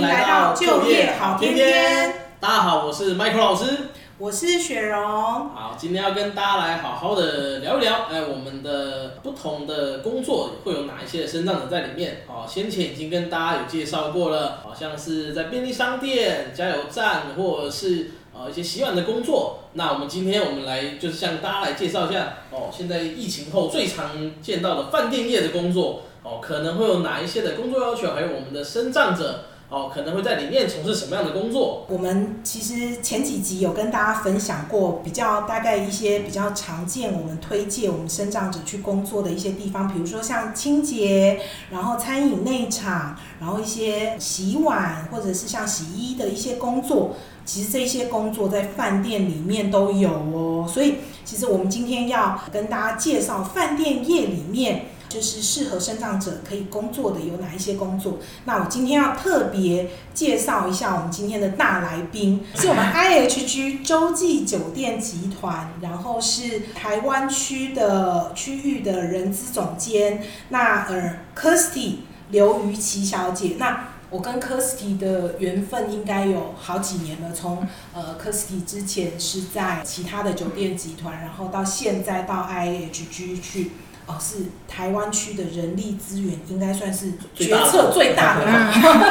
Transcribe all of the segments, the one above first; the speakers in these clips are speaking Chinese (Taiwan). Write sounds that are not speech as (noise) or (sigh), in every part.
來到就業好天天，大家好，我是麥克老師，我是雪蓉。好，今天要跟大家來好好的聊一聊，哎，我們的不同的工作會有哪一些的身障者在裡面？哦，先前已經跟大家有介紹過了，好、哦、像是在便利商店、加油站，或者是呃、哦、一些洗碗的工作。那我們今天我們來就是向大家來介紹一下，哦，現在疫情後最常見到的飯店業的工作，哦，可能會有哪一些的工作要求，還有我們的身障者。哦，可能會在裡面從事什麼樣的工作？我們其實前幾集有跟大家分享過，比較大概一些比較常見我們推薦我們身障者去工作的一些地方，比如說像清潔，然後餐飲內場，然後一些洗碗或者是像洗衣的一些工作。其實這些工作在飯店裡面都有哦。所以，其實我們今天要跟大家介紹飯店業裡面，就是適合身障者可以工作的有哪一些工作？那我今天要特別介紹一下我們今天的大來賓，是我們 I H G 洲際酒店集團，然後是台灣區的區域的人資總監，那呃，Kirsty 劉於琪小姐。那我跟 Kirsty 的緣分應該有好幾年了，從呃 Kirsty 之前是在其他的酒店集團，然後到現在到 I H G 去。哦，是台灣區的人力資源應該算是決策最大的吧？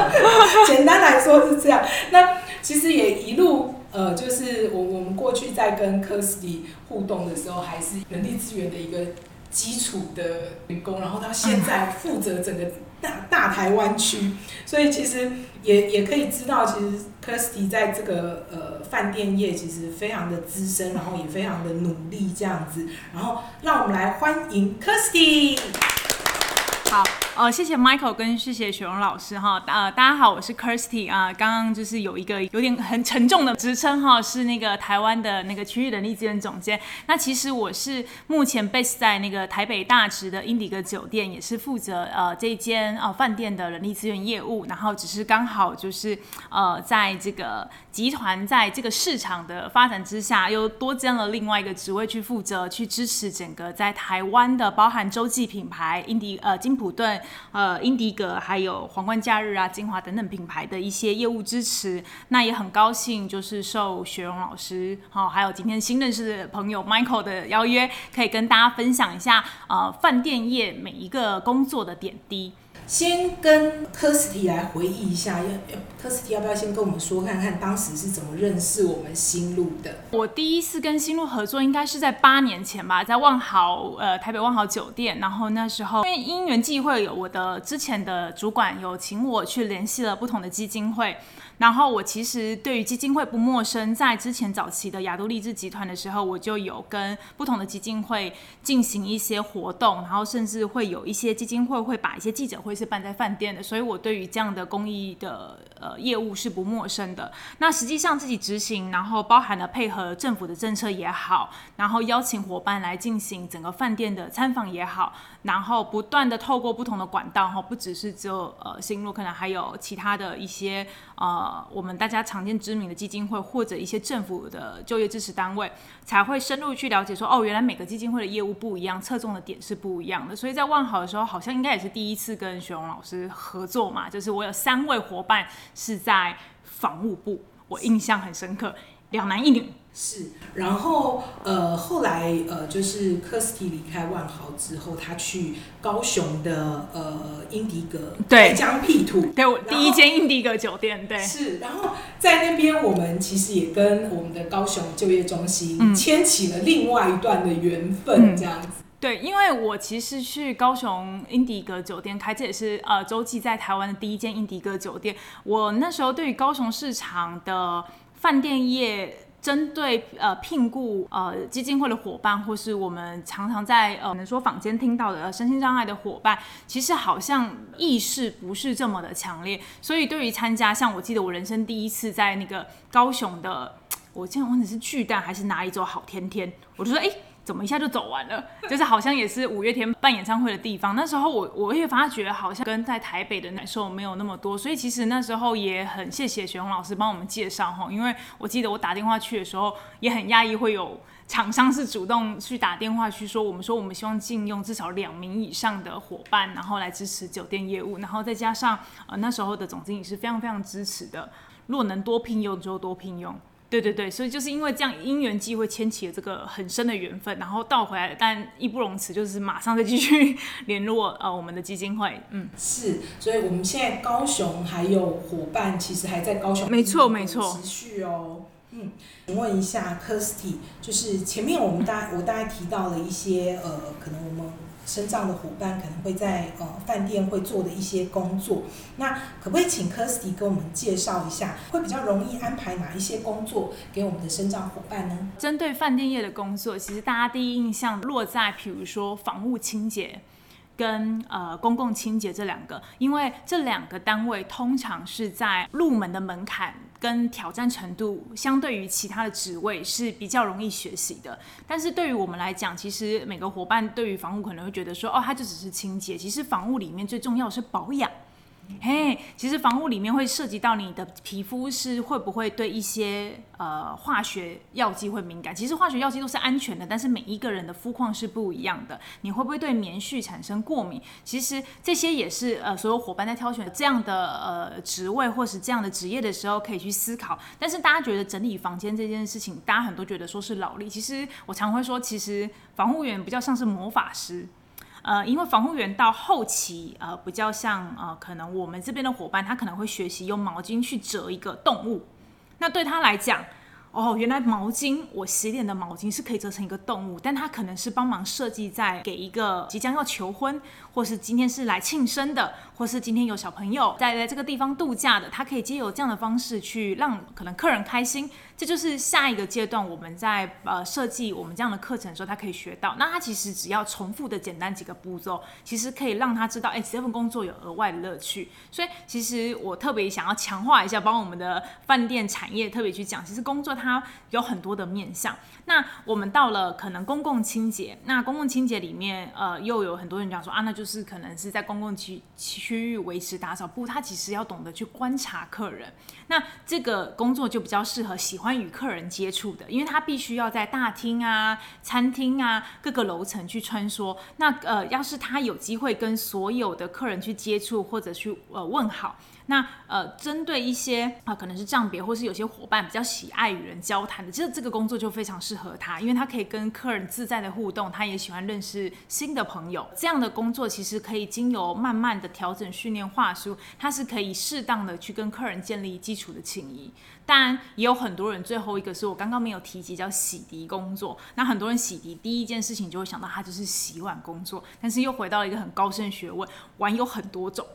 (laughs) 簡單來說是這樣。那其實也一路呃，就是我我們過去在跟科斯迪互動的時候，還是人力資源的一個基礎的員工，然後他現在負責整個。大，大台灣區，所以其實也也可以知道，其實 Kirsty 在這個呃飯店業其實非常的資深，然後也非常的努力這樣子，然後讓我們來歡迎 Kirsty。好，呃，謝謝 Michael 跟謝謝雪榮老師哈、哦，呃，大家好，我是 Kirsty 啊、呃。剛剛就是有一個有點很沉重的職稱哈、哦，是那個台灣的那個區域人力資源總監。那其實我是目前 base 在那個台北大直的英迪格酒店，也是負責呃這間哦、呃、飯店的人力資源業務，然後只是剛好就是呃在這個。集團在這個市場的發展之下，又多增了另外一個職位去負責，去支持整個在台灣的包含洲際品牌、英迪呃、金普頓、呃、英迪格，還有皇冠假日啊、精華等等品牌的一些業務支持。那也很高興，就是受學榮老師好、哦，還有今天新認識的朋友 Michael 的邀約，可以跟大家分享一下呃，飯店業每一個工作的點滴。先跟科斯提來回憶一下，要科斯提要不要先跟我們說，看看當時是怎麼認識我們新路的？我第一次跟新路合作，應該是在八年前吧，在萬豪，呃，台北萬豪酒店。然後那時候因為因緣際會，有我的之前的主管有請我去聯繫了不同的基金會。然後我其實對於基金會不陌生，在之前早期的亞都麗緻集團的時候，我就有跟不同的基金會進行一些活動，然後甚至會有一些基金會會把一些記者會是辦在飯店的，所以我對於這樣的公益的呃業務是不陌生的。那實際上自己執行，然後包含了配合政府的政策也好，然後邀請夥伴來進行整個飯店的參訪也好。然後不斷的透過不同的管道哈，不只是就只呃心路，可能還有其他的一些呃，我們大家常見知名的基金會或者一些政府的就業支持單位，才會深入去了解說，哦，原來每個基金會的業務不一樣，側重的點是不一樣的。所以在萬豪的時候，好像應該也是第一次跟雪老師合作嘛，就是我有三位夥伴是在房務部，我印象很深刻，兩男一女。是，然後呃，後來呃，就是 Kirsty 離開萬豪之後，他去高雄的呃，英迪格對，開張 P 圖對，第一間英迪格酒店對，是，然後在那邊我們其實也跟我們的高雄就業中心牽起了另外一段的緣分，這樣子、嗯嗯、對，因為我其實去高雄英迪格酒店開，這也是呃，洲際在台灣的第一間英迪格酒店，我那時候對於高雄市場的飯店業。針對呃聘雇，呃基金會的夥伴，或是我們常常在呃可能說坊間聽到的、呃、身心障礙的夥伴，其實好像意識不是這麼的強烈。所以對於參加，像我記得我人生第一次在那個高雄的，我叫忘記是巨蛋還是哪一座好天天，我就說哎。誒怎麼一下就走完了？就是好像也是五月天辦演唱會的地方。那時候我我也發覺好像跟在台北的感受沒有那麼多，所以其實那時候也很謝謝雪紅老師幫我們介紹。因為我記得我打電話去的時候也很訝異，會有廠商是主動去打電話去說，我們說我們希望進用至少兩名以上的夥伴，然後來支持酒店業務，然後再加上呃那時候的總經理是非常非常支持的，如果能多聘用就多聘用。對對對，所以就是因為這樣因緣際會，牽起了這個很深的緣分，然後倒回來，但義不容辭，就是馬上再繼續聯絡啊、呃。我們的基金會，嗯，是，所以我們現在高雄還有夥伴其實還在高雄，沒錯沒錯，持續哦。嗯，我問一下，Kirsty，就是前面我們大家我大概提到了一些呃，可能我們身障的夥伴可能會在呃飯店會做的一些工作，那可不可以請 Kirsty 給我們介紹一下，會比較容易安排哪一些工作給我們的身障夥伴呢？針對飯店業的工作，其實大家第一印象落在譬如說房屋清潔跟呃公共清潔這兩個，因為這兩個單位通常是在入門的門檻。跟挑戰程度，相對於其他的職位是比較容易學習的。但是對於我們來講，其實每個夥伴對於房務可能會覺得說，哦，它就只是清潔。其實房務裡面最重要的是保養。嘿、hey，其實房務裡面會涉及到你的皮膚是會不會對一些呃化學藥劑會敏感。其實化學藥劑都是安全的，但是每一個人的膚況是不一樣的。你會不會對棉絮產生過敏？其實這些也是呃所有夥伴在挑選這樣的呃職位或是這樣的職業的時候可以去思考。但是大家覺得整理房間這件事情，大家很多覺得說是勞力。其實我常會說，其實房務員比較像是魔法師。呃，因為防護員到後期，呃，比較像，呃，可能我們這邊的夥伴，他可能會學習用毛巾去折一個動物。那對他來講，哦，原來毛巾，我洗臉的毛巾是可以折成一個動物，但他可能是幫忙設計在給一個即將要求婚。或是今天是來慶生的，或是今天有小朋友在在這個地方度假的，他可以借由這樣的方式去讓可能客人開心。這就是下一個階段我們在呃設計我們這樣的課程的時候，他可以學到。那他其實只要重複的簡單幾個步驟，其實可以讓他知道，哎、欸，這份工作有額外的樂趣。所以其實我特別想要強化一下，幫我們的飯店產業特別去講，其實工作它有很多的面向。那我們到了可能公共清潔，那公共清潔裡面，呃，又有很多人講說啊，那就是。就是可能是在公共區區域維持打掃不，他其實要懂得去觀察客人，那這個工作就比較適合喜歡與客人接觸的，因為他必須要在大廳啊、餐廳啊、各個樓層去穿梭，那呃要是他有機會跟所有的客人去接觸或者去呃問好。那呃，針對一些啊、呃，可能是障別或是有些夥伴比較喜愛與人交談的，其實這個工作就非常適合他，因為他可以跟客人自在的互動，他也喜歡認識新的朋友。這樣的工作其實可以經由慢慢的調整訓練話術，他是可以適當的去跟客人建立基礎的情誼。當然，也有很多人，最後一個是我剛剛沒有提及，叫洗滌工作。那很多人洗滌第一件事情就會想到他就是洗碗工作，但是又回到了一個很高深學問，碗有很多種。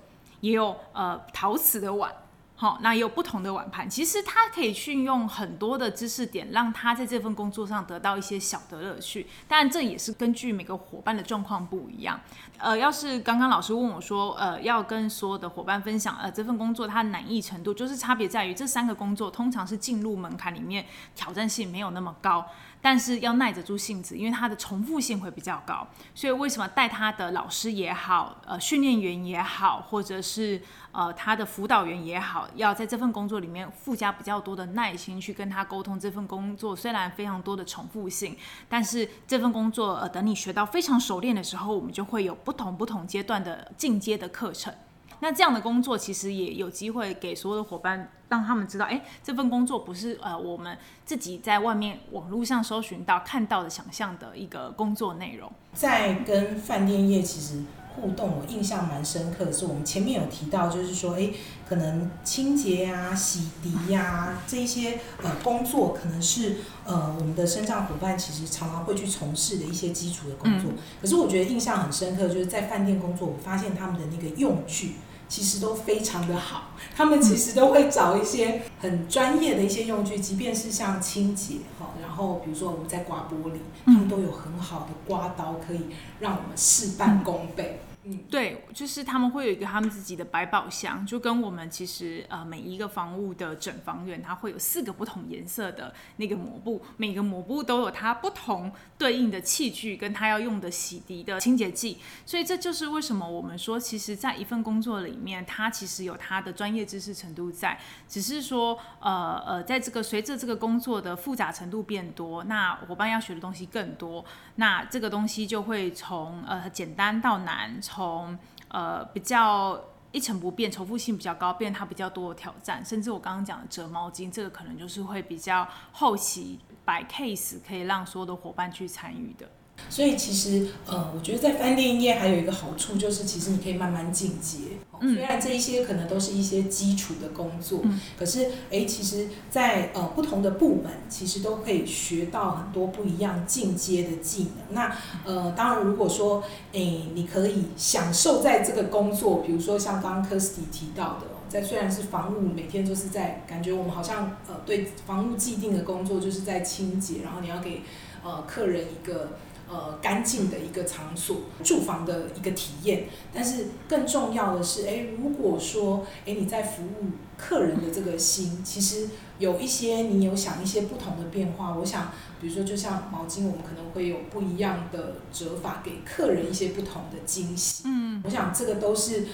也有呃陶瓷的碗，好、哦，那也有不同的碗盤。其實他可以去用很多的知識點，讓他在這份工作上得到一些小的樂趣。但這也是根據每個伙伴的狀況不一樣。呃，要是剛剛老師問我說，呃，要跟所有的伙伴分享，呃，這份工作它難易程度，就是差別在於這三個工作通常是進入門檻裡面挑戰性沒有那麼高。但是要耐得住性子，因為他的重複性會比較高，所以為什麼帶他的老師也好，呃，訓練員也好，或者是呃他的輔導員也好，要在這份工作裡面附加比較多的耐心去跟他溝通，這份工作雖然非常多的重複性，但是這份工作，呃，等你學到非常熟練的時候，我們就會有不同不同階段的進階的課程。那這樣的工作其實也有機會給所有的夥伴，讓他們知道，哎、欸，這份工作不是呃我們自己在外面網絡上搜尋到看到的想象的一個工作內容。在跟飯店業其實互動，我印象蠻深刻的，的是我們前面有提到，就是說，哎、欸，可能清潔呀、啊、洗滌呀、啊、這一些呃工作，可能是呃我們的身障夥伴其實常常會去從事的一些基礎的工作、嗯。可是我覺得印象很深刻，就是在飯店工作，我發現他們的那個用具。其實都非常的好，他們其實都會找一些很專業的一些用具，即便是像清潔哈，然後比如說我們在刮玻璃，他們都有很好的刮刀，可以讓我們事半功倍。嗯、對，就是他們會有一個他們自己的百寶箱，就跟我們其實呃每一個房屋的整房員，他會有四個不同顏色的那個抹布，每個抹布都有它不同對應的器具，跟他要用的洗滌的清潔劑。所以這就是為什麼我們說，其實，在一份工作裡面，它其實有它的專業知識程度在，只是說呃呃，在這個隨着這個工作的複雜程度變多，那夥伴要學的東西更多，那這個東西就會從呃簡單到難從。從呃比較一成不變、重複性比較高，變它比較多的挑戰，甚至我剛剛講的折毛巾，這個可能就是會比較後期擺 case 可以讓所有的夥伴去參與的。所以其實，呃，我覺得在飯店業還有一個好處就是，其實你可以慢慢進階，哦。雖然這一些可能都是一些基礎的工作，可是，誒，其實在，在呃不同的部門，其實都可以學到很多不一樣進階的技能。那，呃，當然，如果說，誒，你可以享受在這個工作，比如說像剛剛 Kirsty 提到的，哦，在雖然是房務，每天都是在感覺我們好像呃對房務既定的工作就是在清潔，然後你要給呃客人一個。呃，乾淨的一個場所，住房的一個體驗，但是更重要的是，哎，如果說，哎，你在服務客人的這個心，其實有一些你有想一些不同的變化。我想，比如說，就像毛巾，我們可能會有不一樣的折法，給客人一些不同的驚喜。嗯，我想這個都是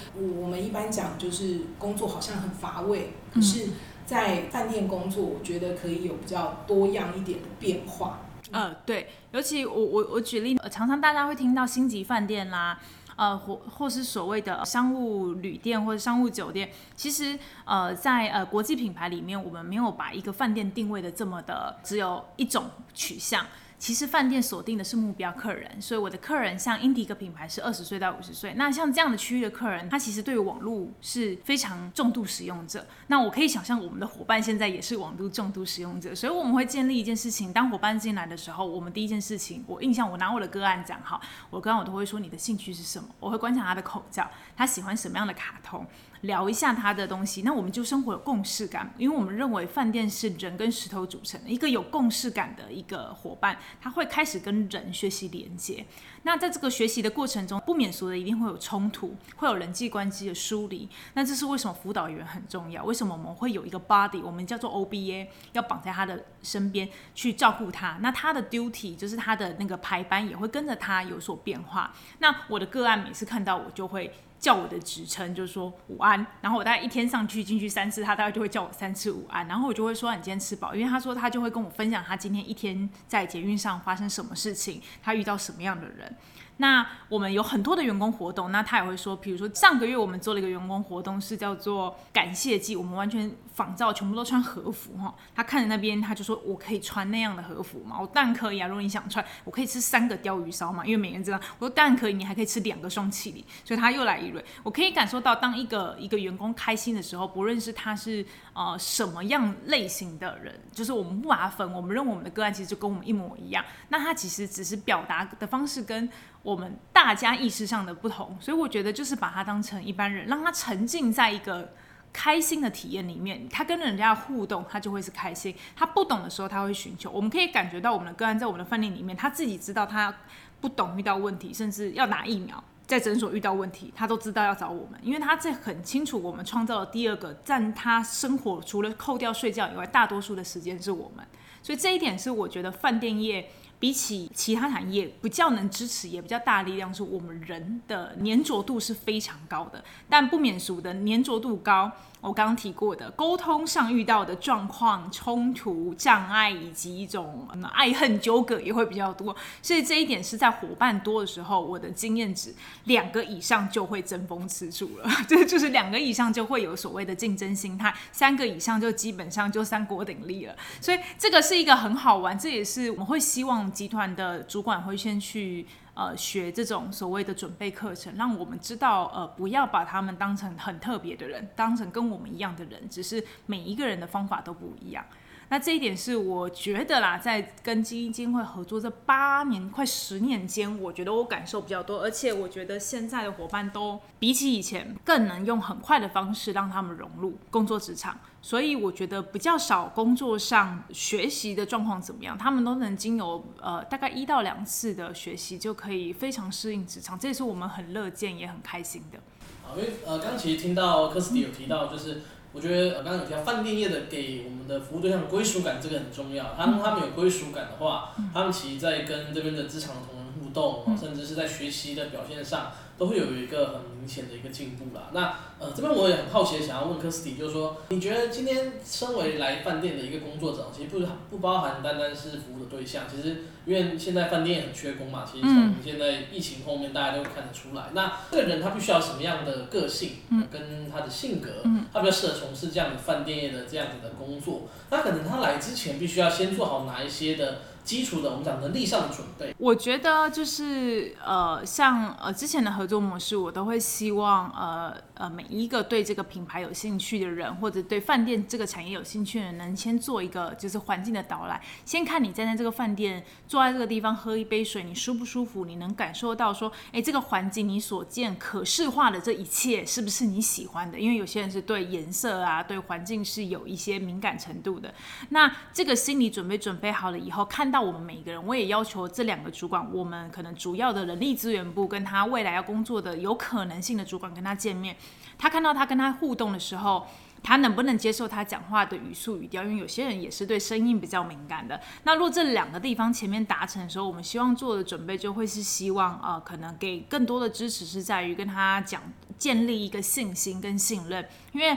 我們一般講，就是工作好像很乏味，可是，在飯店工作，我覺得可以有比較多樣一點的變化。嗯、呃，對，尤其我我我舉例、呃，常常大家會聽到星級飯店啦、啊，呃，或或是所謂的商務旅店或者商務酒店，其實呃，在呃國際品牌裡面，我們沒有把一個飯店定位的這麼的只有一種取向。其實飯店鎖定的是目標客人，所以我的客人像 Indigo 品牌是二十歲到五十歲，那像這樣的區域的客人，他其實對於網絡是非常重度使用者。那我可以想象我們的夥伴現在也是網絡重度使用者，所以我們會建立一件事情，當夥伴進來的時候，我們第一件事情，我印象我拿我的個案講哈，我剛剛我都會說你的興趣是什麼，我會觀察他的口罩，他喜歡什麼樣的卡通。聊一下他的東西，那我們就生活有共識感，因為我們認為飯店是人跟石頭組成。一個有共識感的一個夥伴，他會開始跟人學習連接。那在這個學習的過程中，不免俗的一定會有衝突，會有人際關係的疏離。那這是為什麼輔導員很重要？為什麼我們會有一個 body，我們叫做 OBA，要綁在他的身邊去照顧他？那他的 duty 就是他的那個排班也會跟着他有所變化。那我的個案每次看到我就會叫我的職稱就是說午安，然後我大概一天上去進去三次，他大概就會叫我三次午安，然後我就會說你今天吃飽，因為他說他就會跟我分享他今天一天在捷運上發生什麼事情，他遇到什麼樣的人。那我們有很多的員工活動，那他也會說，比如說上個月我們做了一個員工活動，是叫做感謝祭，我們完全仿照，全部都穿和服哈、哦。他看着那邊，他就說：“我可以穿那樣的和服嗎？”我當然可以啊，如果你想穿，我可以吃三個鯛魚燒嘛，因為每個人知道。我說：“當然可以，你還可以吃兩個雙氣梨。”所以他又來一輪，我可以感受到，當一個一個員工開心的時候，不論是他是呃什麼樣類型的人，就是我們不麻粉，我們認為我們的個案其實就跟我們一模一樣。那他其實只是表達的方式跟。我們大家意識上的不同，所以我覺得就是把他當成一般人，讓他沉浸在一個開心的體驗裡面。他跟人家互動，他就會是開心；他不懂的時候，他會尋求。我們可以感覺到我們的個案在我們的飯店裡面，他自己知道他不懂，遇到問題，甚至要打疫苗，在診所遇到問題，他都知道要找我們，因為他在很清楚我們創造了第二個占他生活除了扣掉睡覺以外，大多數的時間是我們。所以這一點是我覺得飯店業。比起其他產業，比較能支持也比較大力量，是我們人的粘着度是非常高的，但不免俗的粘着度高，我剛剛提過的溝通上遇到的狀況、衝突、障礙，以及一種、嗯、愛恨糾葛也會比較多，所以這一點是在夥伴多的時候，我的經驗值兩個以上就會爭風吃醋了，這、 (laughs) 就是、就是兩個以上就會有所謂的競爭心態，三個以上就基本上就三國鼎立了，所以這個是一個很好玩，這也是我們會希望集團的主管會先去。呃，學這種所謂的準備課程，讓我們知道，呃，不要把他們當成很特別的人，當成跟我們一樣的人，只是每一個人的方法都不一樣。那這一點是我覺得啦，在跟心路基金會合作這八年快十年間，我覺得我感受比較多，而且我覺得現在的夥伴都比起以前更能用很快的方式讓他們融入工作職場，所以我覺得比較少工作上學習的狀況怎麼樣，他們都能經由呃大概一到兩次的學習就可以非常適應職場，這也是我們很樂見也很開心的。好、呃，因為呃剛其實聽到 Kirsty 有提到，就是。我覺得，呃，剛才有提到飯店業的給我們的服務對象的歸屬感，這個很重要。他們他們有歸屬感的話，他們其實在跟這邊的職場同仁互動，甚至是在學習的表現上。都會有一個很明顯的一個進步啦。那呃，這邊我也很好奇，想要問 Kirsty，就是說，你覺得今天身為來飯店的一個工作者，其實不不包含單單是服務的對象。其實因為現在飯店也很缺工嘛，其實從現在疫情後面大家都看得出來。嗯、那這個人他必須要什麼樣的個性、嗯，跟他的性格，他比較適合從事這樣的飯店業的這樣子的工作。那可能他來之前必須要先做好哪一些的？基礎的，我們講能力上的準備，我覺得就是呃，像呃之前的合作模式，我都會希望呃。呃，每一個對這個品牌有興趣的人，或者對飯店這個產業有興趣的人，能先做一個就是環境的導覽，先看你站在這個飯店，坐在這個地方喝一杯水，你舒不舒服？你能感受到說，哎，這個環境你所見可視化的這一切是不是你喜歡的？因為有些人是對顏色啊，對環境是有一些敏感程度的。那這個心理準備準備好了以後，看到我們每一個人，我也要求這兩個主管，我們可能主要的人力資源部跟他未來要工作的有可能性的主管跟他見面。他看到他跟他互動的時候，他能不能接受他講話的語速語調？因為有些人也是對聲音比較敏感的。那如果這兩個地方前面達成的時候，我們希望做的準備就會是希望啊，呃，可能給更多的支持是在於跟他講，建立一個信心跟信任。因為，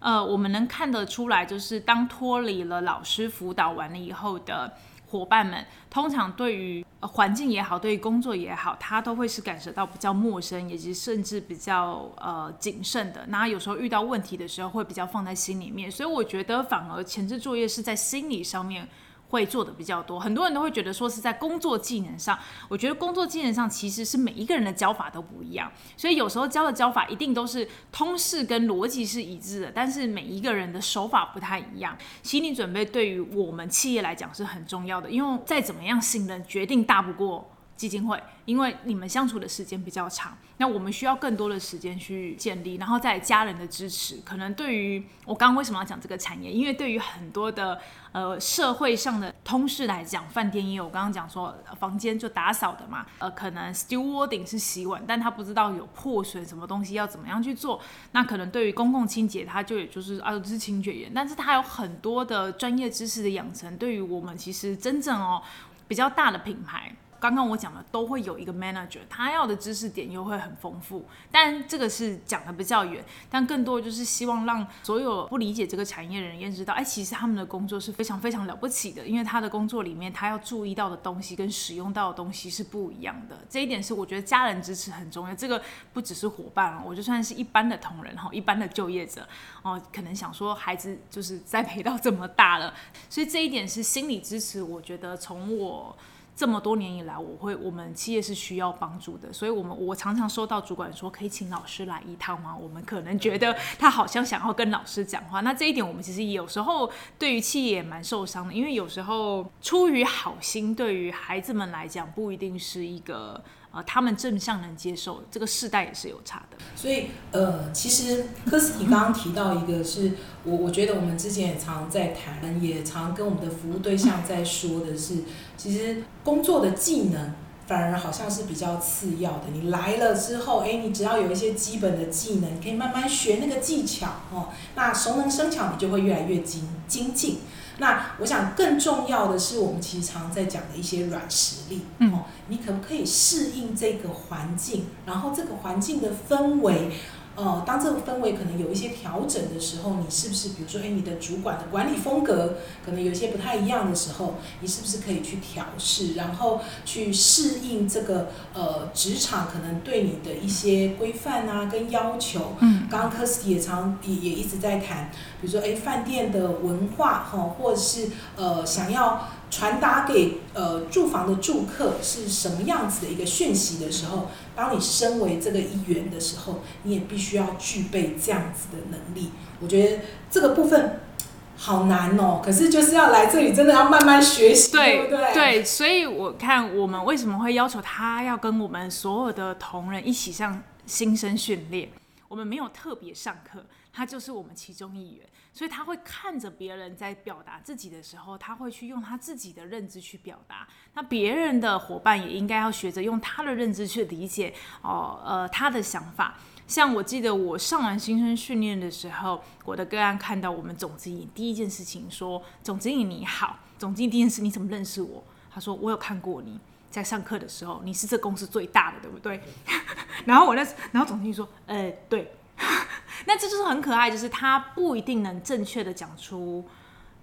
呃，我們能看得出來，就是當脫離了老師輔導完了以後的。伙伴們通常對於環境也好，對於工作也好，他都會是感受到比較陌生，以及甚至比較呃謹慎的。那有時候遇到問題的時候，會比較放在心裡面。所以我覺得，反而前置作業是在心理上面。會做的比較多，很多人都會覺得說是在工作技能上。我覺得工作技能上其實是每一個人的教法都不一樣，所以有時候教的教法一定都是通式跟邏輯是一致的，但是每一個人的手法不太一樣。心理準備對於我們企業來講是很重要的，因為再怎麼樣信任，決定大不過基金會，因為你們相處的時間比較長，那我們需要更多的時間去建立，然後再家人的支持。可能對於我剛剛為什麼要講這個產業，因為對於很多的呃社會上的同事來講，飯店業有我剛剛講說房間就打掃的嘛，呃，可能 stewarding 是洗碗，但他不知道有破損什麼東西要怎麼樣去做。那可能對於公共清潔，他就也就是啊是清潔員，但是他有很多的專業知識的養成。對於我們其實真正哦比較大的品牌。剛剛我講的都會有一個 manager，他要的知識點又會很豐富，但這個是講的比較遠，但更多就是希望讓所有不理解這個產業的人也知道，哎，其實他們的工作是非常非常了不起的，因為他的工作裡面他要注意到的東西跟使用到的東西是不一樣的。這一點是我覺得家人支持很重要，這個不只是伙伴，我就算是一般的同仁哈，一般的就業者哦，可能想說孩子就是栽培到這麼大了，所以這一點是心理支持，我覺得從我。這麼多年以來，我會，我們企業是需要幫助的，所以，我們我常常收到主管說，可以請老師來一趟嗎？我們可能覺得他好像想要跟老師講話，那這一點我們其實有時候對於企業也蠻受傷的，因為有時候出於好心，對於孩子們來講不一定是一個。啊，他們正向能接受這個世代也是有差的，所以呃，其實科斯提剛剛提到一個是，是我我覺得我們之前也常在談，也常跟我們的服務對象在說的是，其實工作的技能反而好像是比較次要的。你來了之後，誒，你只要有一些基本的技能，你可以慢慢學那個技巧哦，那熟能生巧，你就會越來越精精進。那我想更重要的是，我們其實常在講的一些軟實力，哦，你可不可以適應這個環境，然後這個環境的氛圍。呃，當這個氛圍可能有一些調整的時候，你是不是比如說，哎，你的主管的管理風格可能有些不太一樣的時候，你是不是可以去調試，然後去適應這個呃職場可能對你的一些規範啊跟要求？嗯，剛剛科斯也常也也一直在談，比如說，哎，飯店的文化哈、哦，或者是呃想要傳達給呃住房的住客是什麼樣子的一個訊息的時候。當你身為這個一員的時候，你也必須要具備這樣子的能力。我覺得這個部分好難哦、喔，可是就是要來這裡，真的要慢慢學習，對不對？對，所以我看我們為什麼會要求他要跟我們所有的同仁一起上新生訓練，我們沒有特別上課，他就是我們其中一員。所以他會看着別人在表達自己的時候，他會去用他自己的認知去表達。那別人的夥伴也應該要學着用他的認知去理解哦，呃，他的想法。像我記得我上完新生訓練的時候，我的個案看到我們總經理第一件事情說：“總經理你好，總經理第一件事你怎麼認識我？”他說：“我有看過你在上課的時候，你是這公司最大的，對不對？”對 (laughs) 然後我那時，然後總經理說：“呃，對。” (laughs) 那這就是很可愛，就是他不一定能正確的講出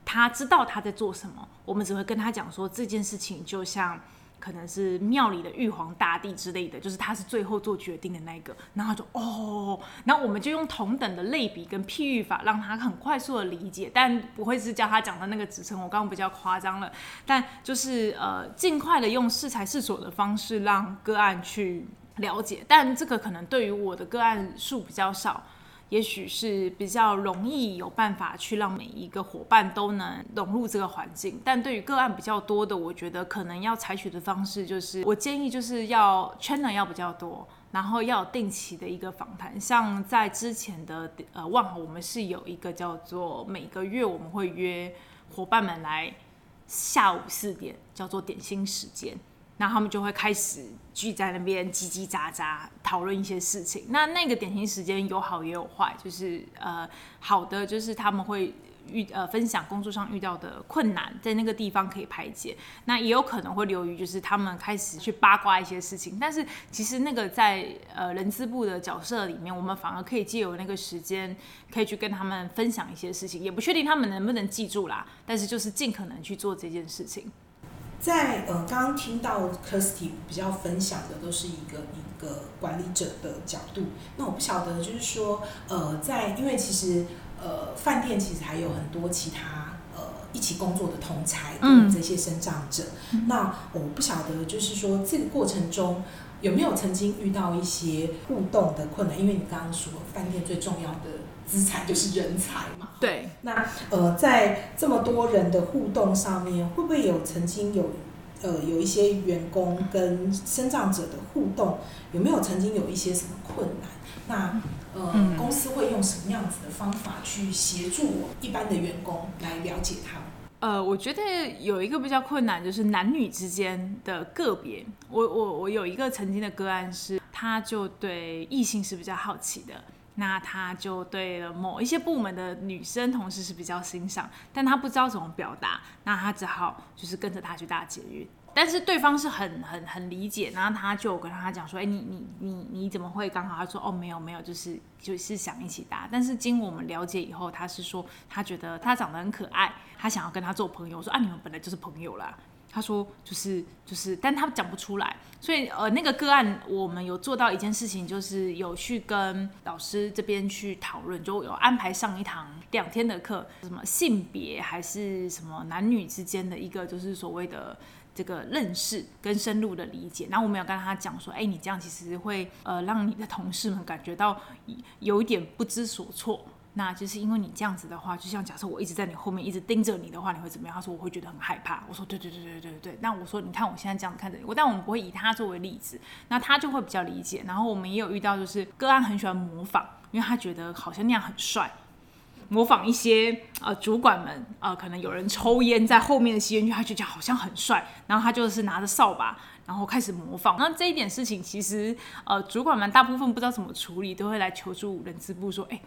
他知道他在做什麼，我們只會跟他講說，這件事情就像可能是廟裡的玉皇大帝之類的，就是他是最後做決定的那個，然後他就哦，那我們就用同等的類比跟譬喻法讓他很快速的理解，但不會是叫他講到那個職稱。我剛剛比較誇張了，但就是呃盡快的用適才適所的方式讓個案去。了解，但這個可能對於我的個案數比較少，也許是比較容易有辦法去讓每一個夥伴都能融入這個環境。但對於個案比較多的，我覺得可能要採取的方式就是，我建議就是要圈 r a n 要比較多，然後要定期的一個訪談。像在之前的呃萬豪，我們是有一個叫做每個月我們會約夥伴們來下午四點叫做點心時間。那他們就會開始聚在那邊嘰嘰喳喳討論一些事情。那那個點心時間有好也有壞，就是呃，好的就是他們會遇呃，分享工作上遇到的困難，在那個地方可以排解。那也有可能會流於就是他們開始去八卦一些事情。但是其實那個在呃人資部的角色裡面，我們反而可以借由那個時間，可以去跟他們分享一些事情，也不確定他們能不能記住啦。但是就是盡可能去做這件事情。在呃，剛剛聽到科斯 r s t 比較分享的都是一個一個管理者的角度。那我不曉得，就是說，呃，在因為其實呃，飯店其實還有很多其他呃一起工作的同才，嗯，這些生長者。嗯、那我不曉得，就是說、嗯、這個過程中有沒有曾經遇到一些互動的困難？因為你剛剛說飯店最重要的。資產就是人才嘛。對。那呃，在這麼多人的互動上面，會不會有曾經有呃有一些員工跟身障者的互動，有沒有曾經有一些什麼困難？那呃、嗯，公司會用什麼樣子的方法去協助我一般的員工來了解他？呃，我覺得有一個比較困難就是男女之間的個別。我我我有一個曾經的個案是，他就對異性是比較好奇的。那他就對了，某一些部門的女生同事是比較欣賞，但他不知道怎麼表達，那他只好就是跟着他去搭捷運。但是對方是很很很理解，然後他就跟他講說：“哎，你你你你怎麼會剛好？”他說：“哦，沒有沒有，就是就是想一起搭。”但是經過我們了解以後，他是說他覺得他長得很可愛，他想要跟他做朋友。我說：“啊，你們本來就是朋友啦。”他說，就是就是，但他講不出來，所以呃，那個個案我們有做到一件事情，就是有去跟老師這邊去討論，就有安排上一堂兩天的課，什麼性別還是什麼男女之間的一個就是所謂的這個認識跟深入的理解。然後我們有跟他講說，欸，你這樣其實會呃讓你的同事們感覺到有一點不知所措。那就是因為你這樣子的話，就像假設我一直在你後面一直盯着你的話，你會怎麼樣？他說，我會覺得很害怕。我說對對對對對對，那我說，你看我現在這樣子看着我，但我們不會以他作為例子，那他就會比較理解。然後我們也有遇到就是個案很喜歡模仿，因為他覺得好像那樣很帥，模仿一些呃主管們呃可能有人抽煙在後面的吸煙區，他覺得好像很帥，然後他就是拿着掃把然後開始模仿。那這一點事情其實呃主管們大部分不知道怎麼處理，都會來求助人事部說哎。欸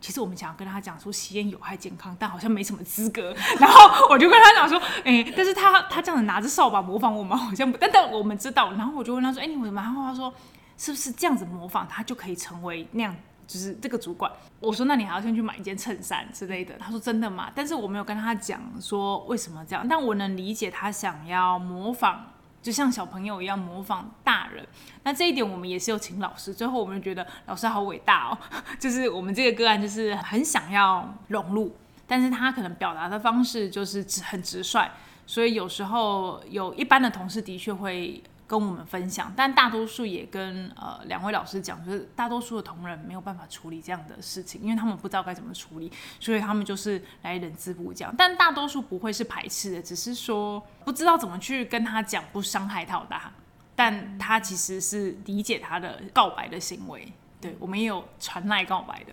其實我們想要跟他講說吸煙有害健康，但好像沒什麼資格。然後我就跟他講說：“哎、欸，但是他他這樣子拿着掃把模仿我們，好像不，但但我們知道。”然後我就問他說：“哎、欸，你為什麼？”然後他說：“是不是這樣子模仿他就可以成為那樣？就是這個主管？”我說：“那你還要先去買一件襯衫之類的。”他說：“真的嗎？”但是我沒有跟他講說為什麼這樣，但我能理解他想要模仿。就像小朋友一樣模仿大人，那這一點我們也是有請老師。最後我們就覺得老師好偉大哦，就是我們這個個案就是很想要融入，但是他可能表達的方式就是直很直率，所以有時候有一般的同事的確會。跟我們分享，但大多數也跟呃兩位老師講，就是大多數的同仁沒有辦法處理這樣的事情，因為他們不知道該怎麼處理，所以他們就是來人資部講。但大多數不會是排斥的，只是說不知道怎麼去跟他講，不傷害到他。他，但他其實是理解他的告白的行為。對我們也有傳來告白的，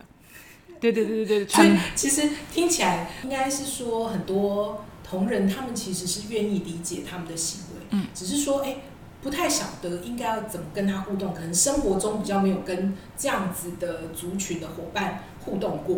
對對對對對。所以其實聽起來應該是說，很多同仁他們其實是願意理解他們的行為，嗯，只是說哎。欸不太曉得應該要怎麼跟他互動，可能生活中比較沒有跟這樣子的族群的夥伴互動過，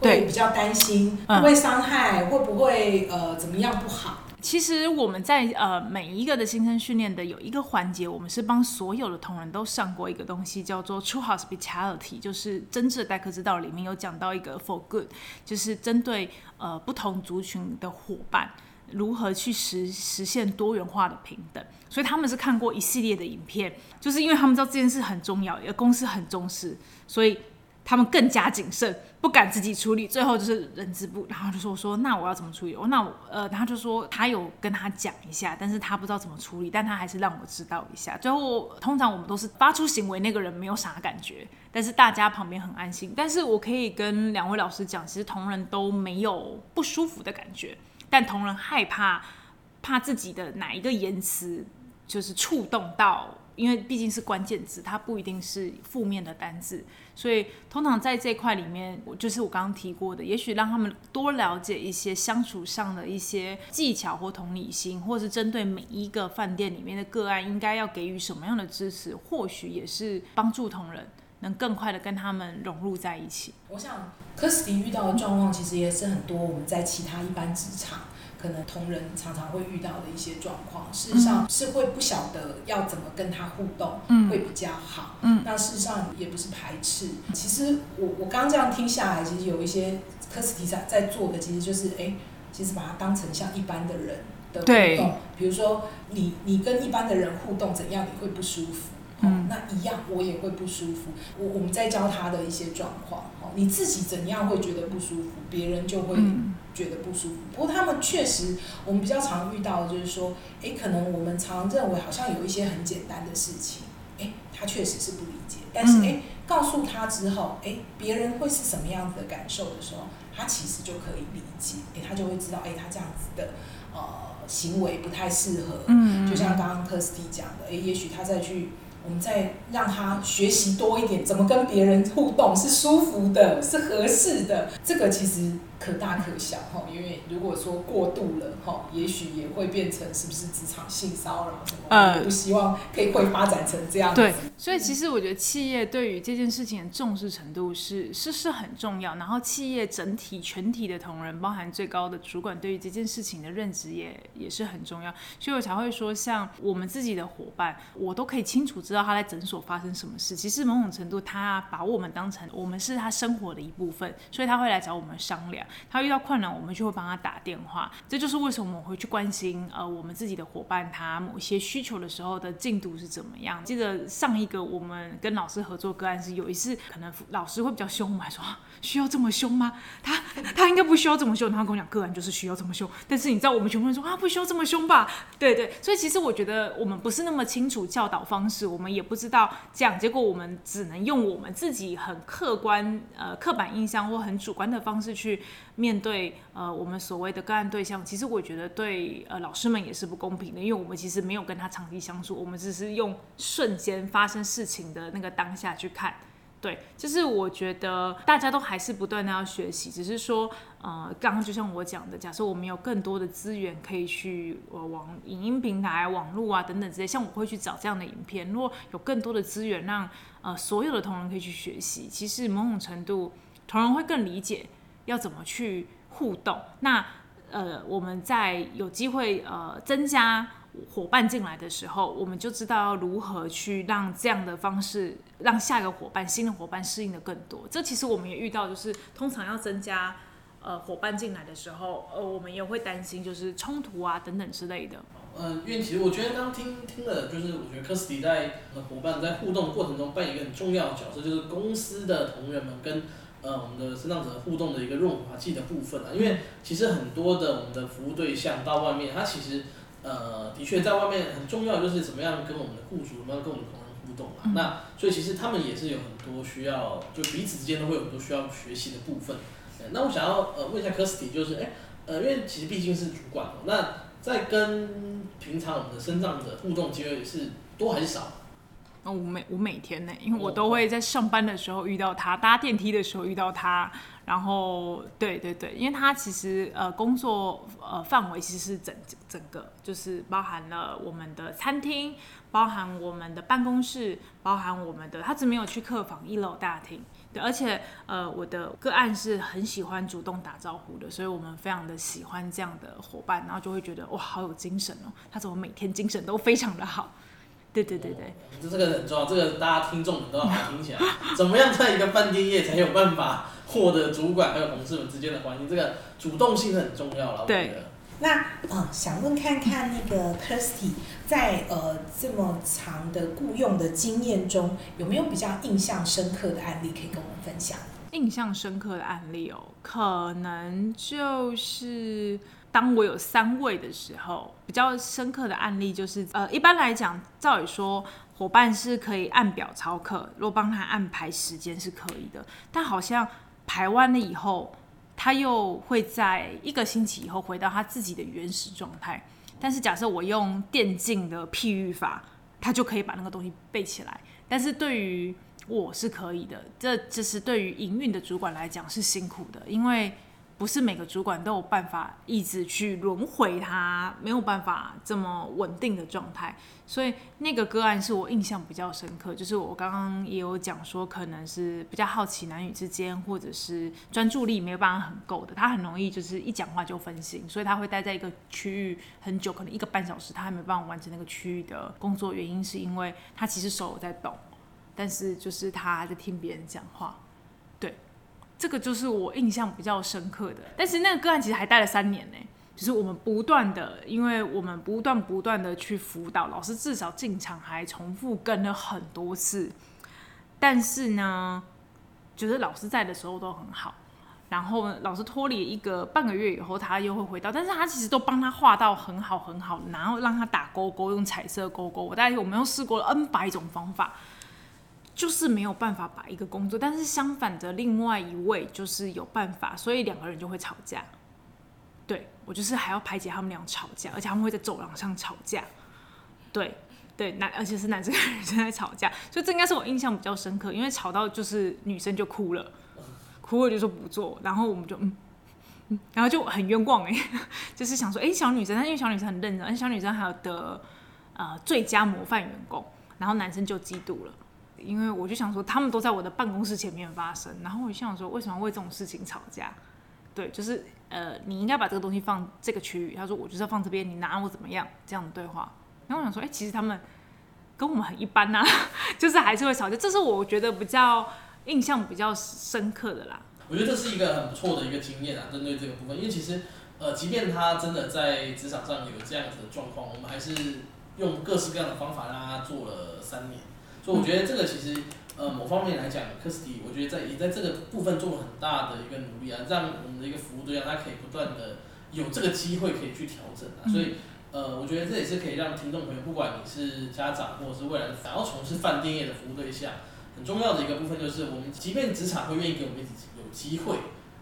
對，比較擔心，會不會傷害，嗯、會不會呃怎麼樣不好？其實我們在呃每一個的新生訓練的有一個環節，我們是幫所有的同仁都上過一個東西，叫做 True Hospitality，就是真摯的待客之道，裡面有講到一個 For Good，就是針對呃不同族群的夥伴，如何去實實現多元化的平等？所以他們是看過一系列的影片，就是因為他們知道這件事很重要，也公司很重視，所以他們更加謹慎，不敢自己處理。最後就是人資部，然後就說：“我說那我要怎麼處理？” oh, 那我呃，他就說他有跟他講一下，但是他不知道怎麼處理，但他還是讓我知道一下。最後通常我們都是發出行為那個人沒有啥感覺，但是大家旁邊很安心。但是我可以跟兩位老師講，其實同仁都沒有不舒服的感覺。但同仁害怕，怕自己的哪一個言辭就是觸動到，因為畢竟是關鍵字，它不一定是負面的單字，所以通常在這塊裡面，我就是我剛剛提過的，也許讓他們多了解一些相處上的一些技巧或同理心，或是針對每一個飯店裡面的個案，應該要給予什麼樣的支持，或許也是幫助同仁。能更快的跟他們融入在一起。我想，Kirsty 遇到的狀況，其實也是很多我們在其他一般職場可能同仁常常會遇到的一些狀況。事實上是會不曉得要怎麼跟他互動，會比較好，嗯。但事實上也不是排斥。其實我我剛剛這樣聽下來，其實有一些 Kirsty 在在做的，其實就是哎，其實把它當成像一般的人的互動。對。比如說你你跟一般的人互動怎樣，你會不舒服？哦、那一樣我也會不舒服。我我們在教他的一些狀況、哦，你自己怎樣會覺得不舒服，別人就會覺得不舒服。不過他們確實，我們比較常遇到的就是說、欸，可能我們常認為好像有一些很簡單的事情，欸、他確實是不理解。但是、欸、告訴他之後，哎、欸，別人會是什麼樣子的感受的時候，他其實就可以理解。欸、他就會知道，哎、欸，他這樣子的、呃、行為不太適合。就像剛剛 Kirsty 講的，欸、也許他再去。我們再讓他學習多一點，怎麼跟別人互動是舒服的，是合適的。這個其實。可大可小哈，因為如果說過度了哈，也許也會變成是不是職場性騷擾呃，不希望可以會發展成這樣子，呃。對，所以其實我覺得企業對於這件事情的重視程度是是是很重要，然後企業整體全體的同仁，包含最高的主管，對於這件事情的認知也也是很重要。所以我才會說，像我們自己的夥伴，我都可以清楚知道他在診所發生什麼事。其實某種程度，他把我們當成我們是他生活的一部分，所以他會來找我們商量。他遇到困難，我們就會幫他打電話。這就是為什麼我們會去關心，呃，我們自己的夥伴他某些需求的時候的進度是怎麼樣。記得上一個我們跟老師合作個案是有一次可能老師會比較兇，我們還說需要這麼兇嗎？他他應該不需要這麼兇，他跟我講個案就是需要這麼兇。但是你知道，我們全部人說啊，不需要這麼兇吧？對對，所以其實我覺得我們不是那麼清楚教導方式，我們也不知道這樣，結果我們只能用我們自己很客觀、呃，刻板印象或很主觀的方式去。面對呃，我們所謂的個案對象，其實我覺得對呃，老師們也是不公平的，因為我們其實沒有跟他長期相處，我們只是用瞬間發生事情的那個當下去看。對，就是我覺得大家都還是不斷的要學習，只是說呃，剛剛就像我講的，假設我們有更多的資源可以去呃網影音平台、網絡啊等等之類，像我會去找這樣的影片。如果有更多的資源讓呃所有的同仁可以去學習，其實某種程度同仁會更理解。要怎麼去互動？那呃，我們在有機會呃增加夥伴進來的時候，我們就知道要如何去讓這樣的方式讓下一個夥伴、新的夥伴適應的更多。這其實我們也遇到，就是通常要增加呃夥伴進來的時候，呃，我們也會擔心就是衝突啊等等之類的。嗯，因為其實我覺得當聽聽了，就是我覺得科斯迪在、呃、夥伴在互動過程中扮演一個很重要的角色，就是公司的同仁們跟。呃，我們的身障者互動的一個潤滑劑的部分啊，因為其實很多的我們的服務對象到外面，他其實呃的確在外面很重要，就是怎麼樣跟我們的雇主，怎麼樣跟我們的同仁互動啊。嗯、那所以其實他們也是有很多需要，就彼此之間都會有很多需要學習的部分。那我想要呃問一下 Kirsty，就是哎、欸，呃，因為其實畢竟是主管、喔，那在跟平常我們的身障者互動機會是多還是少？那我每我每天呢、欸，因為我都會在上班的時候遇到他，搭電梯的時候遇到他，然後對對對，因為他其實呃工作呃範圍其實是整整個就是包含了我們的餐廳，包含我們的辦公室，包含我們的，他只沒有去客房一樓大廳。對，而且呃我的個案是很喜歡主動打招呼的，所以我們非常的喜歡這樣的夥伴，然後就會覺得哇好有精神哦、喔，他怎麼每天精神都非常的好。對對對對、哦，這個很重要，這個大家聽眾都要好聽起來。 (laughs) 怎麼樣在一個飯店業才有辦法獲得主管還有同事們之間的關係？這個主動性很重要了，我覺得。那、呃、想問看看那個 Kirsty，在呃這麼長的雇用的經驗中，有沒有比較印象深刻的案例可以跟我們分享？印象深刻的案例哦，可能就是。當我有三位的時候，比較深刻的案例就是，呃，一般來講，照理說，夥伴是可以按表操課，如果幫他安排時間是可以的，但好像排完了以後，他又會在一個星期以後回到他自己的原始狀態。但是假設我用電競的譬喻法，他就可以把那個東西背起來。但是對於我是可以的，這只是對於營運的主管來講是辛苦的，因為。不是每個主管都有辦法一直去輪迴他，他沒有辦法這麼穩定的狀態，所以那個個案是我印象比較深刻。就是我剛剛也有講說，可能是比較好奇男女之間，或者是專注力沒有辦法很夠的，他很容易就是一講話就分心，所以他會待在一個區域很久，可能一個半小時他還沒辦法完成那個區域的工作，原因是因為他其實手在抖，但是就是他還在聽別人講話。這個就是我印象比較深刻的。但是那個個案其實還待了三年呢、欸，就是我們不斷的，因為我們不斷不斷的去輔導，老師至少進場還重複跟了很多次，但是呢，覺得老師在的時候都很好，然後老師脫離一個半個月以後，他又會回到，但是他其實都幫他畫到很好很好，然後讓他打勾勾，用彩色勾勾，我大概我們又試過了 N 百種方法。就是沒有辦法把一個工作，但是相反的，另外一位就是有辦法，所以兩個人就會吵架。對，我就是還要排解他們倆吵架，而且他們會在走廊上吵架。對對，男而且是男生跟女生在吵架，所以這應該是我印象比較深刻，因為吵到就是女生就哭了，哭了就說不做，然後我們就嗯，嗯，然後就很冤枉哎、欸，就是想說哎、欸、小女生，但因為小女生很認真，而且小女生還有得呃最佳模範員工，然後男生就嫉妒了。因為我就想說，他們都在我的辦公室前面發生，然後我就想說，為什麼為這種事情吵架？對，就是呃，你應該把這個東西放這個區域。他說，我就是要放這邊，你拿我怎麼樣？這樣的對話。然後我想說，哎、欸，其實他們跟我們很一般啊，就是還是會吵架。這是我覺得比較印象比較深刻的啦。我覺得這是一個很不錯的一個經驗啊，針對這個部分，因為其實呃，即便他真的在職場上有這樣子的狀況，我們還是用各式各樣的方法讓他做了三年。所以我覺得這個其實，呃，某方面來講，Kirsty，我覺得在也在這個部分做了很大的一個努力啊，讓我們的一個服務對象他可以不斷的有這個機會可以去調整啊。所以，呃，我覺得這也是可以讓聽眾朋友，不管你是家長或者是未來想要從事飯店業的服務對象，很重要的一個部分就是，我們即便職場會願意給我們有機會，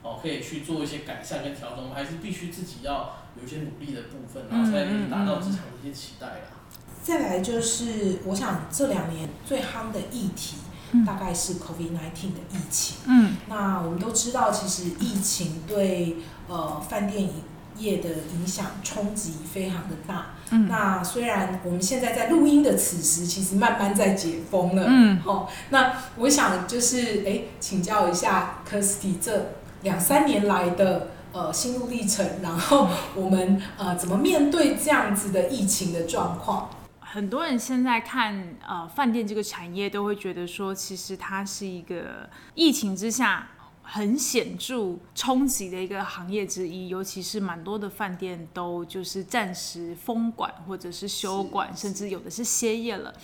哦，可以去做一些改善跟調整，我們還是必須自己要有一些努力的部分，然後才能達到職場的一些期待的、啊。嗯嗯嗯嗯。再來就是，我想這兩年最夯的議題，嗯、大概是 COVID-19 的疫情。嗯，那我們都知道，其實疫情對呃飯店業的影響衝擊非常的大。嗯，那雖然我們現在在錄音的此時，其實慢慢在解封了。嗯，好，那我想就是，哎、欸，請教一下 Kirsty 這兩三年來的、嗯、呃心路歷程，然後我們呃怎麼面對這樣子的疫情的狀況？很多人現在看呃飯店這個產業，都會覺得說，其實它是一個疫情之下很顯著衝擊的一個行業之一。尤其是蠻多的飯店都就是暫時封館或者是休館，甚至有的是歇業了。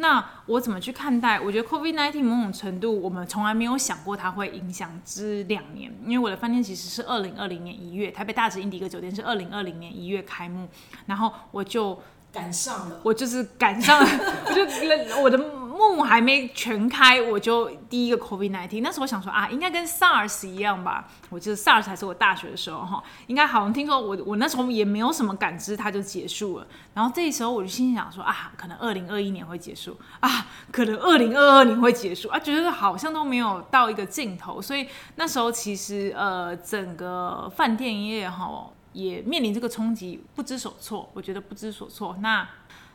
那我怎麼去看待？我覺得 COVID-19 某種程度我們從來沒有想過它會影響這兩年，因為我的飯店其實是二零二零年一月，台北大直英迪格酒店是二零二零年一月開幕，然後我就。趕上了，我就是趕上了 (laughs) 我，我就我的幕還沒全開，我就第一個 COVID 19。那時候我想說啊，應該跟 SARS 一樣吧？我記得 SARS 還是我大學的時候哈，應該好像聽說我我那時候也沒有什麼感知，它就結束了。然後這時候我就心,心想說啊，可能二零二一年會結束啊，可能二零二二年會結束啊，覺得、就是、好像都沒有到一個盡頭。所以那時候其實呃，整個飯店業吼也面臨這個衝擊，不知所措。我覺得不知所措。那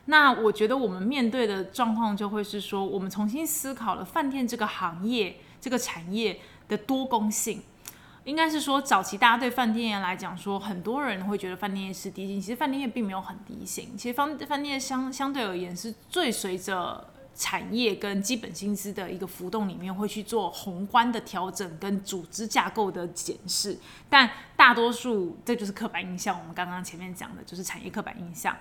那我覺得我們面對的狀況就會是說，我們重新思考了飯店這個行業這個產業的多功性。應該是說，早期大家對飯店來講說，說很多人會覺得飯店是低薪，其實飯店並沒有很低薪。其實飯店相相對而言是最隨着。產業跟基本薪資的一個浮動裡面，會去做宏觀的調整跟組織架構的檢視。但大多數，這就是刻板印象。我們剛剛前面講的就是產業刻板印象。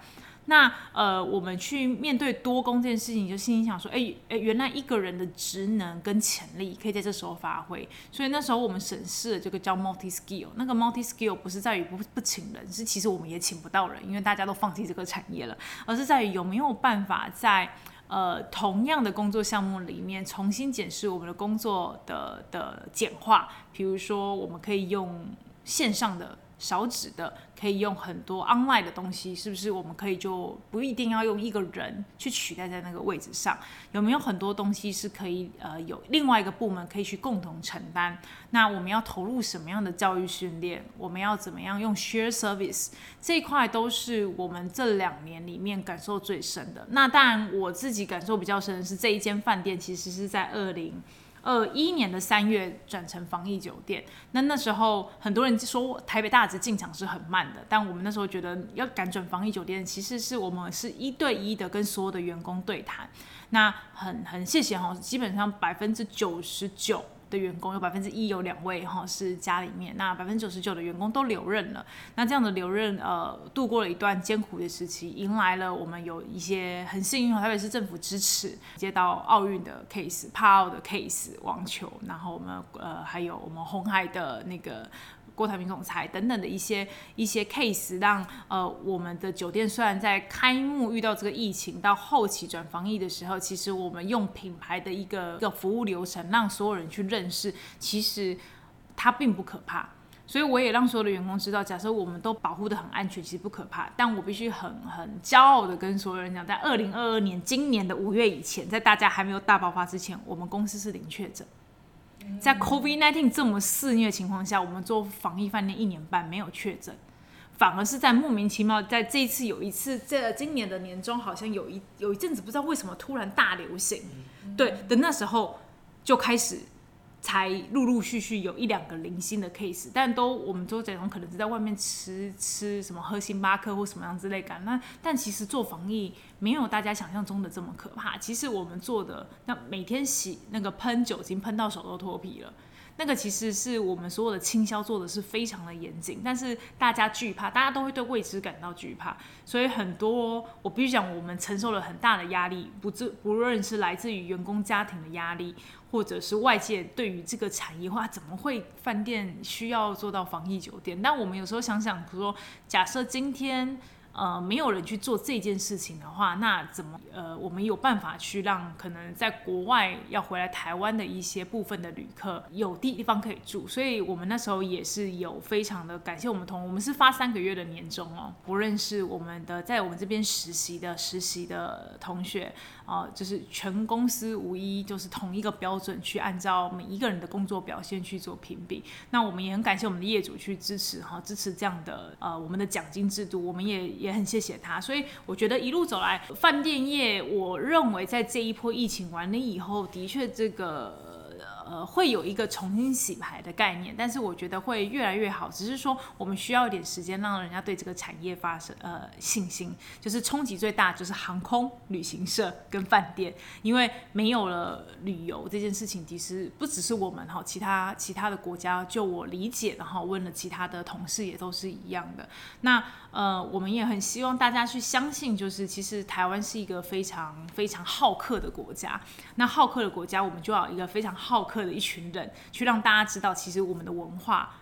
那呃，我們去面對多工這件事情，就心，心想說：哎、欸、哎、欸，原來一個人的職能跟潛力可以在這時候發揮。所以那時候我們審視這個叫 multi skill。那個 multi skill 不是在於不不請人，是其實我們也請不到人，因為大家都放棄這個產業了，而是在於有沒有辦法在呃，同樣的工作項目裡面，重新檢視我們的工作的的簡化，比如說，我們可以用線上的。少紙的可以用很多 online 的東西，是不是我們可以就不一定要用一個人去取代在那個位置上？有沒有很多東西是可以呃有另外一個部門可以去共同承擔？那我們要投入什麼樣的教育訓練？我們要怎麼樣用 share service 這一塊都是我們這兩年裡面感受最深的。那當然我自己感受比較深的是這一間飯店其實是在二零。二、呃、一年的三月轉成防疫酒店，那那時候很多人說台北大直進場是很慢的，但我們那時候覺得要趕轉防疫酒店，其實是我們是一對一的跟所有的員工對談，那很很謝謝哈，基本上百分之九十九。的員工有百分之一，有兩位是家裡面，那百分之九十九的員工都留任了。那這樣的留任，呃，度過了一段艱苦的時期，迎來了我們有一些很幸運，特別是政府支持，接到奧運的 case、帕奧的 case、網球，然後我們呃還有我們紅海的那個，郭台銘總裁等等的一些一些 case，讓呃我們的酒店雖然在開幕遇到這個疫情，到後期轉防疫的時候，其實我們用品牌的一個一個服務流程，讓所有人去認識，其實它並不可怕。所以我也讓所有的員工知道，假設我們都保護得很安全，其實不可怕。但我必須很很驕傲的跟所有人講，在二零二二年今年的五月以前，在大家還沒有大爆發之前，我們公司是零確診。在 COVID-19 這麼肆虐的情況下，我們做防疫飯店一年半沒有確診，反而是在莫名其妙，在這一次有一次在今年的年終好像有一有一陣子不知道為什麼突然大流行，嗯、對的那時候就開始。才陸陸續續有一兩個零星的 case，但都我們周總可能是在外面吃吃什麼喝星巴克或什麼樣之類感。那但其實做防疫沒有大家想象中的這麼可怕。其實我們做的那每天洗那個噴酒精噴到手都脫皮了，那個其實是我們所有的清消做的是非常的嚴謹。但是大家懼怕，大家都會對未知感到懼怕，所以很多我必須講，我們承受了很大的壓力，不自不不論是來自於員工家庭的壓力。或者是外界對於這個產業化，怎麼會飯店需要做到防疫酒店？那我們有時候想想，比如說，假設今天，呃，沒有人去做這件事情的話，那怎麼呃，我們有辦法去讓可能在國外要回來臺灣的一些部分的旅客有地方可以住？所以我們那時候也是有非常的感謝我們同，我們是發三個月的年終哦，不論是我們的在我們這邊實習的實習的同學啊、呃，就是全公司無一就是同一個標準去按照每一個人的工作表現去做評比。那我們也很感謝我們的業主去支持哈、哦，支持這樣的呃我們的獎金制度，我們也。也很謝謝他，所以我覺得一路走來，飯店業，我認為在這一波疫情完了以後，的確這個。呃，會有一個重新洗牌的概念，但是我覺得會越來越好。只是說，我們需要一點時間，讓人家對這個產業發生呃信心。就是衝擊最大，就是航空旅行社跟飯店，因為沒有了旅遊這件事情，其實不只是我們哈，其他其他的國家，就我理解，然後問了其他的同事也都是一樣的。那呃，我們也很希望大家去相信，就是其實台灣是一個非常非常好客的國家。那好客的國家，我們就要一個非常好客。客的一群人，去讓大家知道，其實我們的文化。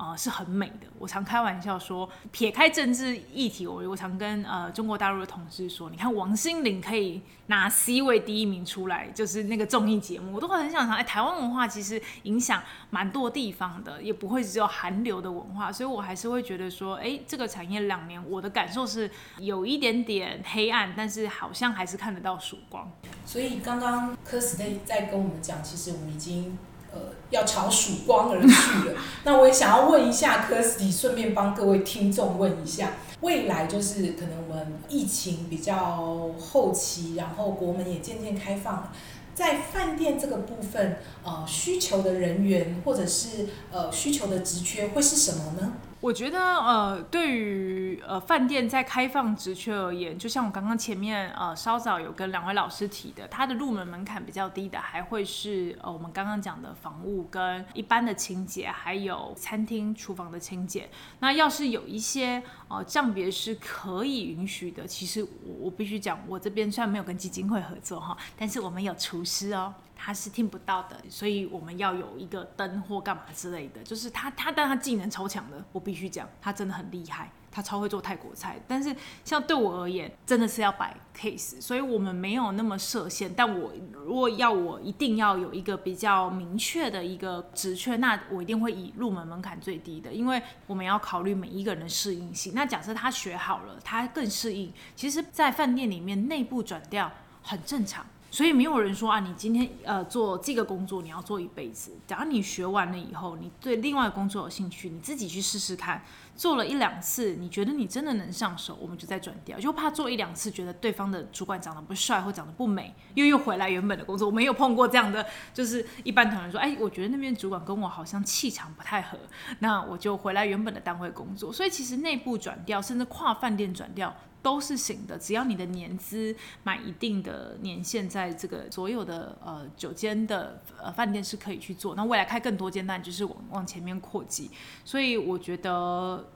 啊、呃，是很美的。我常開玩笑說，撇開政治議題，我我常跟呃中國大陸的同事說，你看王心凌可以拿 C 位第一名出來，就是那個綜藝節目，我都會很想想，哎，台灣文化其實影響蠻多地方的，也不會只有韓流的文化，所以我還是會覺得說，哎，這個產業兩年，我的感受是有一點點黑暗，但是好像還是看得到曙光。所以剛剛科斯代在跟我們講，其實我們已經。呃，要朝曙光而去了。 (laughs) 那我也想要問一下 Kirsty，順便幫各位聽眾問一下，未來就是可能我們疫情比較後期，然後國門也漸漸開放了，在飯店這個部分，呃，需求的人員或者是呃需求的職缺會是什麼呢？我覺得，呃，對於呃飯店在開放職缺而言，就像我剛剛前面呃稍早，有跟兩位老師提的，它的入門門檻比較低的，還會是呃我們剛剛講的房屋跟一般的清潔，還有餐廳廚房的清潔。那要是有一些哦障、呃、別是可以允許的，其實我我必須講，我這邊雖然沒有跟基金會合作哈，但是我們有廚師哦。他是聽不到的，所以我們要有一個燈或幹嘛之類的。就是他，他，但他技能超強的，我必須講，他真的很厲害，他超會做泰國菜。但是像對我而言，真的是要擺 case，所以我們沒有那麼設限。但我如果要我一定要有一個比較明確的一個職缺，那我一定會以入門門檻最低的，因為我們要考慮每一個人的適應性。那假設他學好了，他更適應，其實，在飯店裡面內部轉調很正常。所以沒有人說啊，你今天呃做這個工作你要做一輩子。假如你學完了以後，你對另外工作有興趣，你自己去試試看。做了一兩次，你覺得你真的能上手，我們就再轉調。就怕做一兩次，覺得對方的主管長得不帥或長得不美，又又回來原本的工作。我沒有碰過這樣的，就是一般同仁說，哎、欸，我覺得那邊主管跟我好像氣場不太合，那我就回來原本的單位工作。所以其實內部轉調，甚至跨飯店轉調。都是行的，只要你的年資滿，一定的年限，在這個所有的呃酒店的呃飯店是可以去做。那未來開更多間，那就是往往前面擴級。所以我覺得，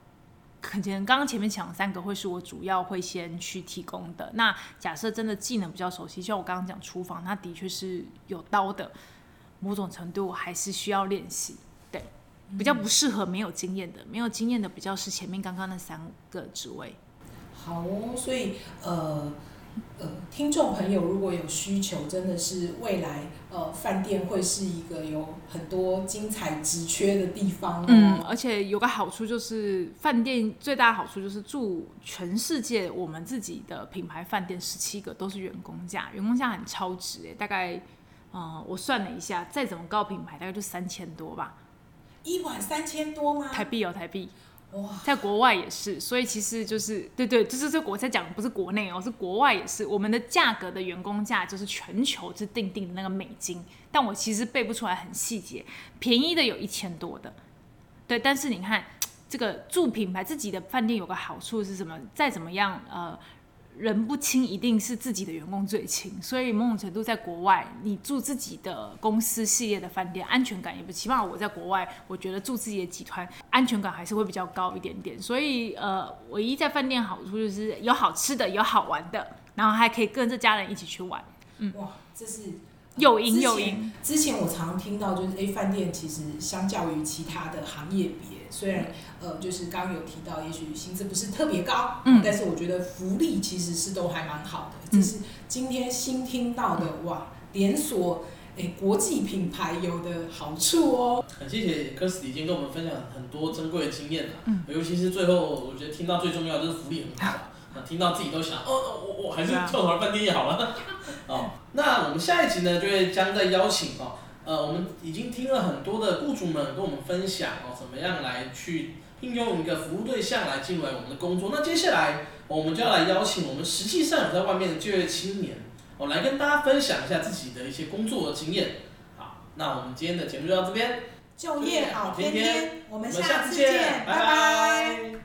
可能剛剛前面講的三個會是我主要會先去提供的。那假設真的技能比較熟悉，就像我剛剛講廚房，它的確是有刀的，某種程度還是需要練習。對，比較不適合沒有經驗的，沒有經驗的比較是前面剛剛那三個職位。好哦，所以呃呃，聽眾朋友如果有需求，真的是未來呃，飯店會是一個有很多精彩職缺的地方的。嗯，而且有個好處就是，飯店最大的好處就是住全世界我們自己的品牌飯店，十七個都是員工價，員工價很超值誒。大概，嗯、呃，我算了一下，再怎麼高品牌，大概就三千多吧，一晚三千多嗎？台幣哦，台幣。.在國外也是，所以其實就是對，對對，就是這我在講不是國內哦，是國外也是。我們的價格的員工價就是全球是定定的那個美金，但我其實背不出來很細節，便宜的有一千多的，對。但是你看這個住品牌自己的飯店有個好處是什麼？再怎麼樣呃。人不親，一定是自己的員工最親。所以某種程度，在國外，你住自己的公司系列的飯店，安全感也不。起碼我在國外，我覺得住自己的集團，安全感還是會比較高一點點。所以呃，唯一在飯店好處就是有好吃的，有好玩的，然後還可以跟着家人一起去玩。嗯、哇，這是誘因、誘因、呃。之前我常常聽到就是，哎，飯店其實相較於其他的行業比。雖然呃，就是剛剛有提到，也許薪資不是特別高，嗯，但是我覺得福利其實是都還蠻好的。嗯。這是今天新聽到的哇，連鎖誒、欸、國際品牌有的好處哦、喔。很謝謝 Kirsty 已經跟我們分享很多珍貴的經驗了，嗯，尤其是最後我覺得聽到最重要就是福利很好，好，聽到自己都想哦，我、哦、我、哦、還是做台灣飯店好了。嗯好。那我們下一集呢，就會將再邀請哦。呃，我們已經聽了很多的雇主們跟我們分享哦，怎麼樣來去聘用一個服務對象來進來我們的工作。那接下來我們就要來邀請我們實際上有在外面的就業青年，我、哦、來跟大家分享一下自己的一些工作的經驗。好，那我們今天的節目就到這邊，就業好天天，我們下次見，拜拜。拜拜。